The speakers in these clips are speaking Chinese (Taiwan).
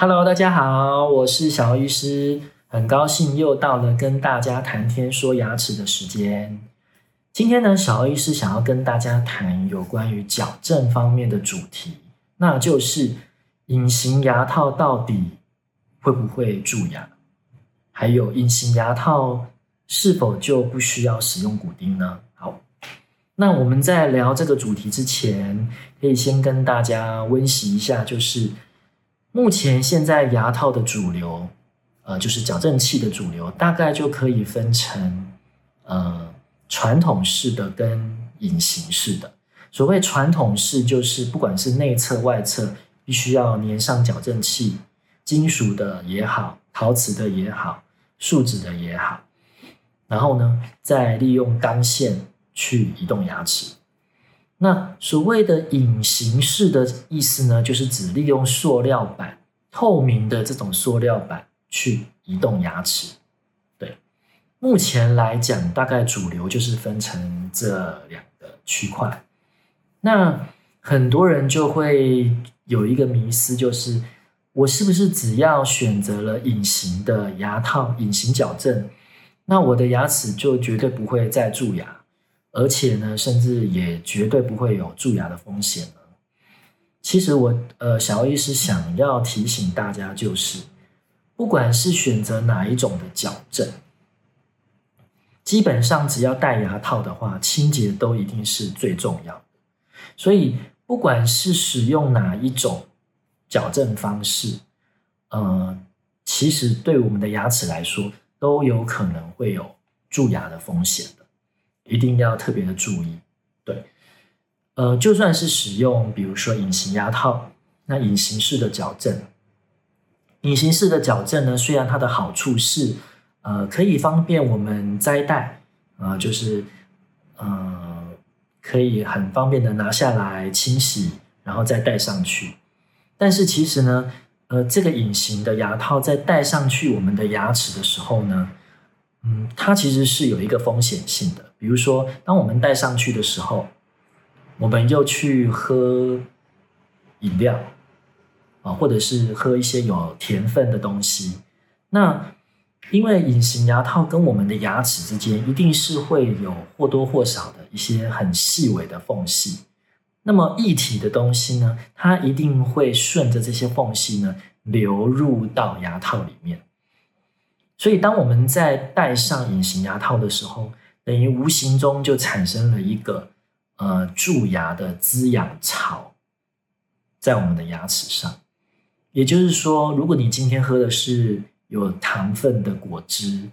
Hello，大家好，我是小姚醫師，很高興又到了跟大家談天說牙齒的時間。今天呢，小姚醫師想要跟大家談有關於矯正方面的主題，那就是隱形牙套到底會不會蛀牙？還有隱形牙套是否就不需要使用骨釘呢？好，那我們在聊這個主題之前，可以先跟大家溫習一下，就是。目前現在牙套的主流，呃，就是矯正器的主流，大概就可以分成，呃，傳統式的跟隱形式的。所謂傳統式，就是不管是內側、外側，必須要粘上矯正器，金屬的也好，陶瓷的也好，樹脂的也好，然後呢，再利用鋼線去移動牙齒。那所謂的隱形式的意思呢，就是指利用塑料板透明的這種塑料板去移動牙齒。對，目前來講，大概主流就是分成這兩個區塊。那很多人就會有一個迷思，就是我是不是只要選擇了隱形的牙套、隱形矯正，那我的牙齒就絕對不會再蛀牙？而且呢，甚至也絕對不會有蛀牙的風險了。其實我呃，小醫師想要提醒大家，就是不管是選擇哪一種的矯正，基本上只要戴牙套的話，清潔都一定是最重要的。所以不管是使用哪一種矯正方式，呃，其實對我們的牙齒來說，都有可能會有蛀牙的風險的。一定要特別的注意，對，呃，就算是使用，比如說隱形牙套，那隱形式的矯正，隱形式的矯正呢，雖然它的好處是，呃，可以方便我們摘戴，啊、呃，就是，呃，可以很方便的拿下來清洗，然後再戴上去，但是其實呢，呃，這個隱形的牙套在戴上去我們的牙齒的時候呢，嗯，它其實是有一個風險性的。比如說，當我們戴上去的時候，我們又去喝飲料，啊，或者是喝一些有甜分的東西。那因為隱形牙套跟我們的牙齒之間一定是會有或多或少的一些很細微的縫隙，那麼液體的東西呢，它一定會順着這些縫隙呢，流入到牙套裡面。所以，當我們在戴上隱形牙套的時候，等於無形中就產生了一個呃蛀牙的滋養槽，在我們的牙齒上。也就是說，如果你今天喝的是有糖分的果汁，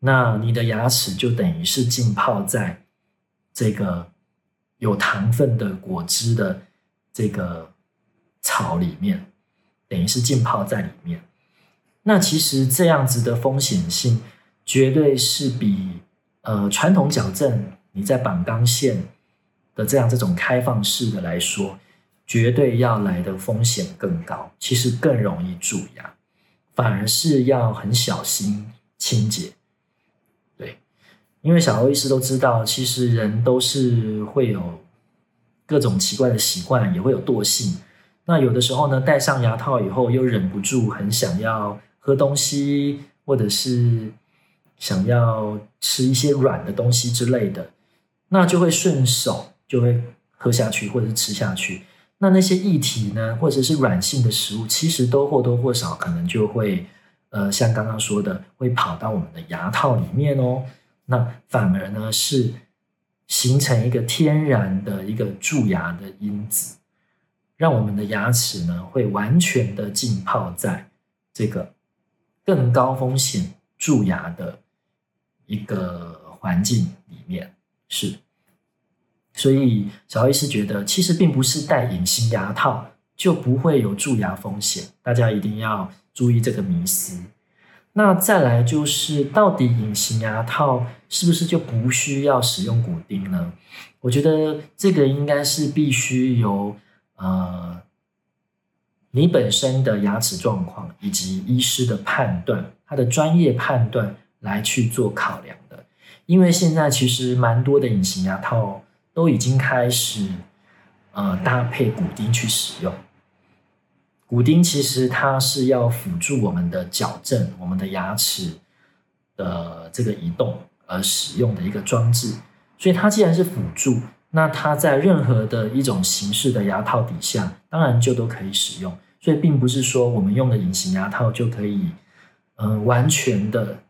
那你的牙齒就等於是浸泡在這個有糖分的果汁的這個槽裡面，等於是浸泡在裡面。那其實這樣子的風險性絕對是比。呃，傳統矯正，你在綁鋼線的這樣這種開放式的來說，絕對要來的風險更高，其實更容易蛀牙，反而是要很小心清潔。對，因為小歐醫師都知道，其實人都是會有各種奇怪的習慣，也會有惰性。那有的時候呢，戴上牙套以後，又忍不住很想要喝東西，或者是。想要吃一些軟的東西之類的，那就會順手就會喝下去或者是吃下去。那那些液體呢，或者是軟性的食物，其實都或多或少可能就會，呃，像剛剛說的，會跑到我們的牙套裡面哦。那反而呢是形成一個天然的一個蛀牙的因子，讓我們的牙齒呢會完全的浸泡在這個更高風險蛀牙的。一個環境裡面是，所以小黑是覺得，其實並不是戴隱形牙套就不會有蛀牙風險，大家一定要注意這個迷思。那再來就是，到底隱形牙套是不是就不需要使用骨釘呢？我覺得這個應該是必須由呃你本身的牙齒狀況以及醫師的判斷，他的專業判斷，來去做考量的，因為現在其實蠻多的隱形牙套都已經開始，呃，搭配骨釘去使用。骨釘其實它是要輔助我們的矯正，我們的牙齒的，呃、這個移動而使用的一個裝置，所以它既然是輔助，那它在任何的一種形式的牙套底下，當然就都可以使用。所以並不是說我們用的隱形牙套就可以，嗯、呃，完全的。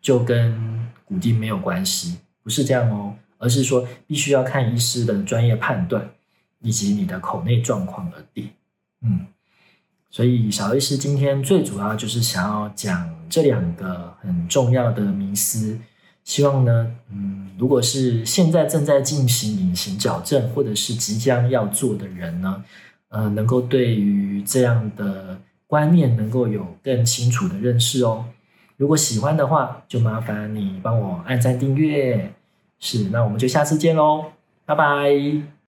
就跟骨釘沒有關係，不是這樣哦，而是說必須要看醫師的專業判斷以及你的口內狀況而定。嗯，所以小醫師今天最主要就是想要講這兩個很重要的迷思，希望呢，嗯，如果是現在正在進行隱形矯正或者是即將要做的人呢，呃，能夠對於這樣的觀念能夠有更清楚的認識哦。如果喜歡的話，就麻煩你幫我按贊訂閱。是，那我們就下次見嘍，拜拜。